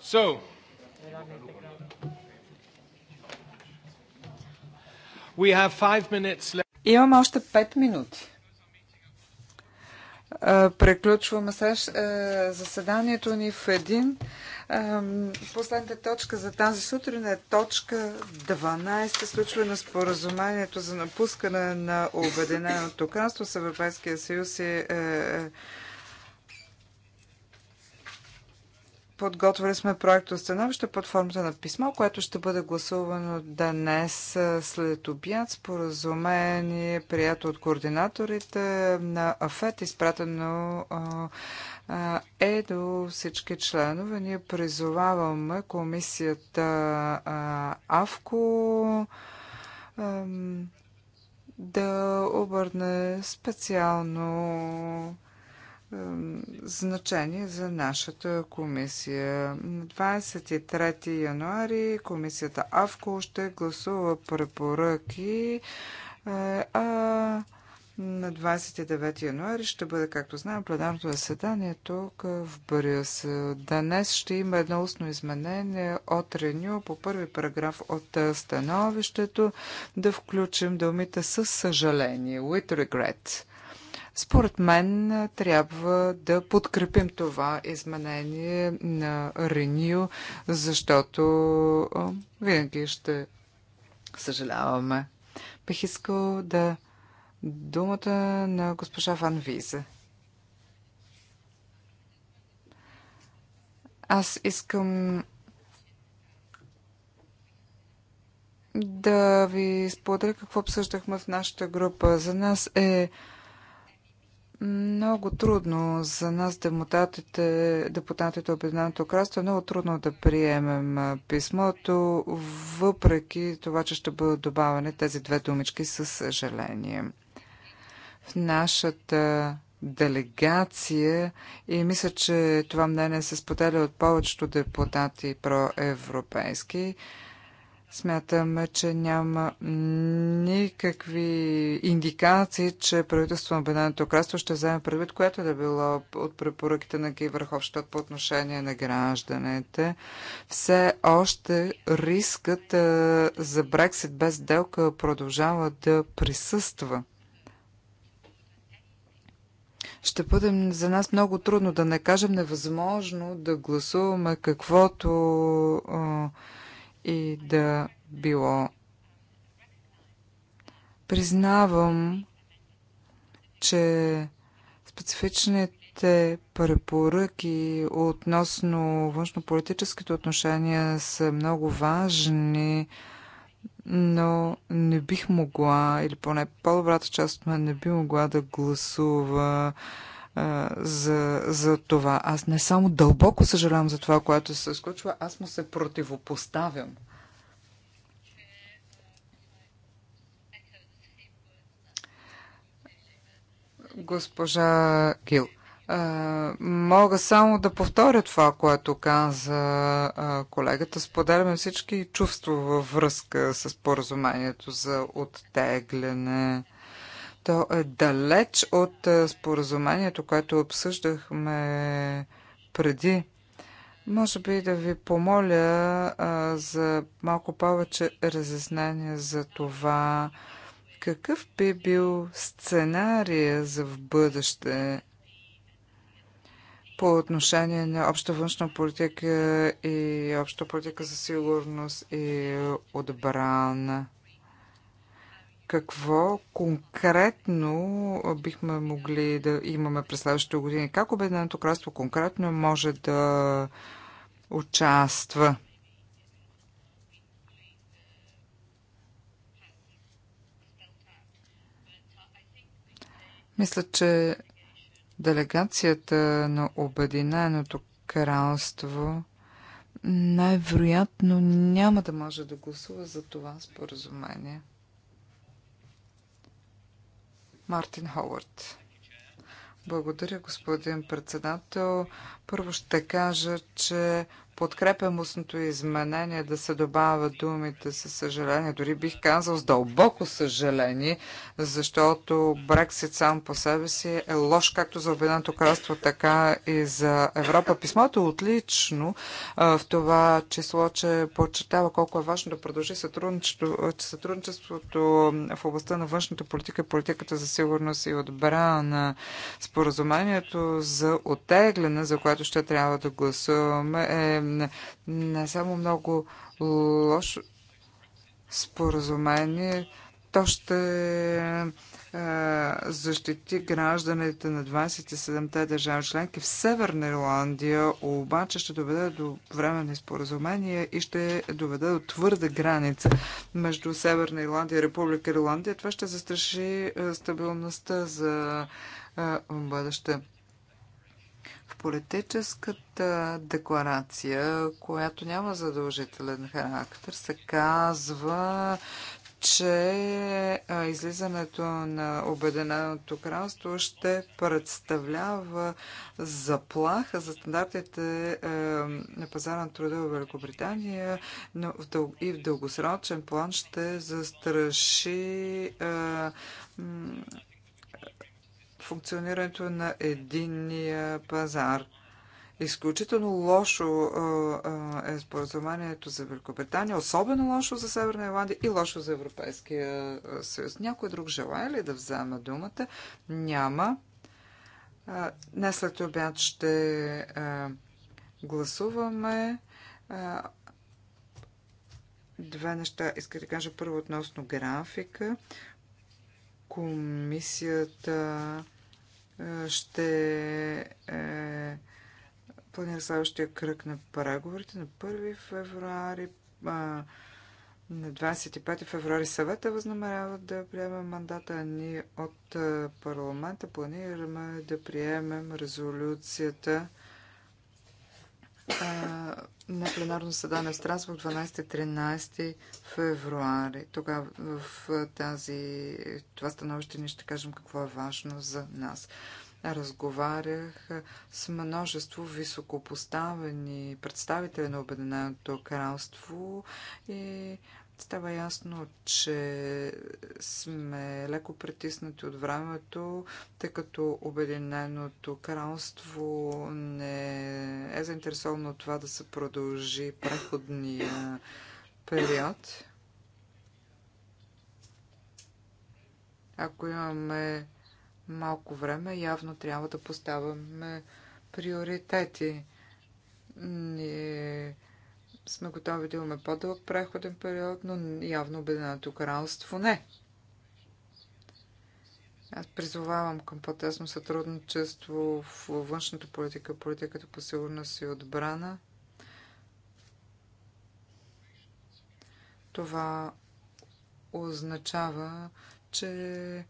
So, we have five minutes left. Имам още 5 минути. Преключваме САЩ заседанието ни в един. Последната точка за тази сутрин е точка 12. Случване на споразумението за напускане на Обединеното кралство с Европейския съюз и е, е Подготвили сме проект становище под формата на писмо, което ще бъде гласувано днес след обяд. Споразумение, прието от координаторите на АФЕТ, изпратено е до всички членове. Ние призоваваме комисията АВКО да обърне специално значение за нашата комисия. На 23 януари комисията АВКО ще гласува препоръки, е, а на 29 януари ще бъде, както знаем, пленарното заседание тук в Брюсел. Днес ще има едно устно изменение от Реню по първи параграф от е, становището да включим думите със съжаление. With regret. Според мен трябва да подкрепим това изменение на Ренио, защото винаги ще съжаляваме. Бих искал да думата на госпожа Ван Визе. Аз искам да ви споделя какво обсъждахме в нашата група. За нас е много трудно за нас депутатите, депутатите Обединеното кралство, е много трудно да приемем писмото, въпреки това, че ще бъдат добавени тези две думички със съжаление. В нашата делегация и мисля, че това мнение се споделя от повечето депутати проевропейски, европейски Смятаме, че няма никакви индикации, че правителството на Обединеното кралство ще вземе предвид, което да било от препоръките на Кивърховщат по отношение на гражданите. Все още рискът е, за Брексит без делка продължава да присъства ще бъде за нас много трудно, да не кажем невъзможно да гласуваме каквото а, е, и да било. Признавам, че специфичните препоръки относно външнополитическите отношения са много важни, но не бих могла, или поне по-добрата част от мен не би могла да гласува за, за това. Аз не само дълбоко съжалявам за това, което се случва, аз му се противопоставям. Госпожа Гил. Мога само да повторя това, което каза колегата. Споделяме всички чувства във връзка с поразумението за оттегляне. То е далеч от е, споразумението, което обсъждахме преди. Може би да ви помоля а, за малко повече разяснение за това, какъв би бил сценария за в бъдеще по отношение на обща външна политика и обща политика за сигурност и отбрана какво конкретно бихме могли да имаме през следващите години? Как Обединеното кралство конкретно може да участва? Мисля, че делегацията на Обединеното кралство най-вероятно няма да може да гласува за това споразумение. Мартин Ховард. Благодаря, господин председател. Първо ще кажа, че Подкрепям устното изменение да се добавят думите със съжаление, дори бих казал с дълбоко съжаление, защото Брексит сам по себе си е лош както за Обединеното кралство, така и за Европа. Писмото е отлично в това число, че подчертава колко е важно да продължи сътрудничеството, сътрудничеството в областта на външната политика и политиката за сигурност и отбрана. Споразумението за отегляне, за което ще трябва да гласуваме, е не само много лошо споразумение, то ще защити гражданите на 27-те държави членки в Северна Ирландия, обаче ще доведе до временни споразумения и ще доведе до твърда граница между Северна Ирландия и Република Ирландия. Това ще застраши стабилността за бъдеще. В политическата декларация, която няма задължителен характер, се казва, че излизането на Обединеното кралство ще представлява заплаха за стандартите на пазара на труда в Великобритания, но и в дългосрочен план ще застраши функционирането на единния пазар. Изключително лошо е споразумението за Великобритания, особено лошо за Северна Ирландия и лошо за Европейския съюз. Някой друг желая ли да взема думата? Няма. Днес след обяд ще гласуваме. Две неща иска да кажа. Първо относно графика. Комисията ще е, планира следващия кръг на преговорите на 1 февруари. А, на 25 февруари съвета възнамерява да приеме мандата ние от е, парламента. Планираме да приемем резолюцията на пленарно съдане в Страсбург 12-13 февруари. Тогава в тази, това становище ние ще кажем какво е важно за нас. Разговарях с множество високопоставени представители на Обединеното кралство и става ясно, че сме леко притиснати от времето, тъй като Обединеното кралство не е заинтересовано от това да се продължи преходния период. Ако имаме малко време, явно трябва да поставяме приоритети. Ние сме готови да имаме по-дълъг преходен период, но явно Обединеното кралство не. Аз призовавам към по-тесно сътрудничество в външната политика, политиката по сигурност и отбрана. Това означава, че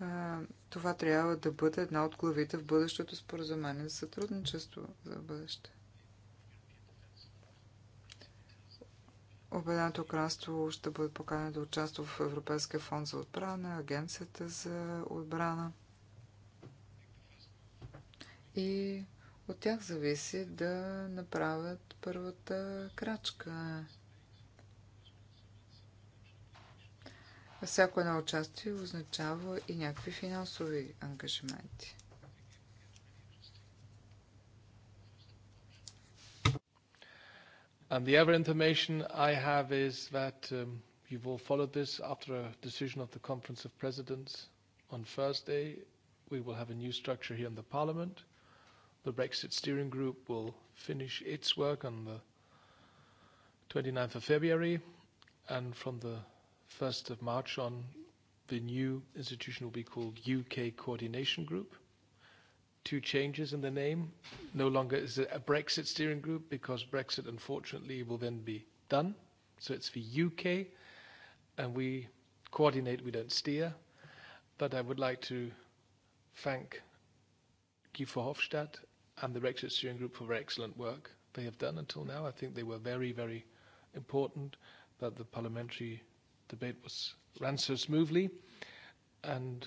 а, това трябва да бъде една от главите в бъдещото споразумение за сътрудничество за бъдеще. Обеденото кралство ще бъде поканено да участва в Европейския фонд за отбрана, Агенцията за отбрана. И от тях зависи да направят първата крачка. Всяко едно участие означава и някакви финансови ангажименти. And the other information I have is that um, you've all followed this. After a decision of the Conference of Presidents on Thursday, we will have a new structure here in the Parliament. The Brexit Steering Group will finish its work on the 29th of February, and from the 1st of March on, the new institution will be called UK Coordination Group two changes in the name. No longer is it a Brexit steering group because Brexit, unfortunately, will then be done. So it's the UK, and we coordinate, we don't steer. But I would like to thank Guy Verhofstadt and the Brexit steering group for their excellent work they have done until now. I think they were very, very important that the parliamentary debate was ran so smoothly. And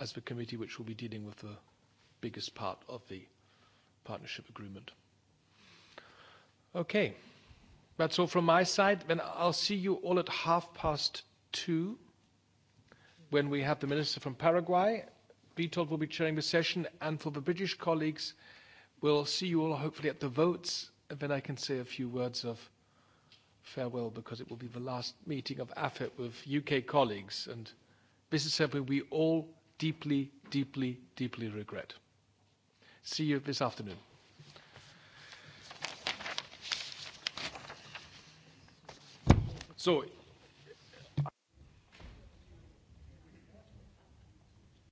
as the committee which will be dealing with the biggest part of the partnership agreement. Okay. That's all from my side. Then I'll see you all at half past two when we have the minister from Paraguay. Vitold will be chairing the session, and for the British colleagues, we'll see you all hopefully at the votes, and then I can say a few words of farewell because it will be the last meeting of AFET with UK colleagues, and this is something we all deeply, deeply, deeply regret. See you this afternoon. So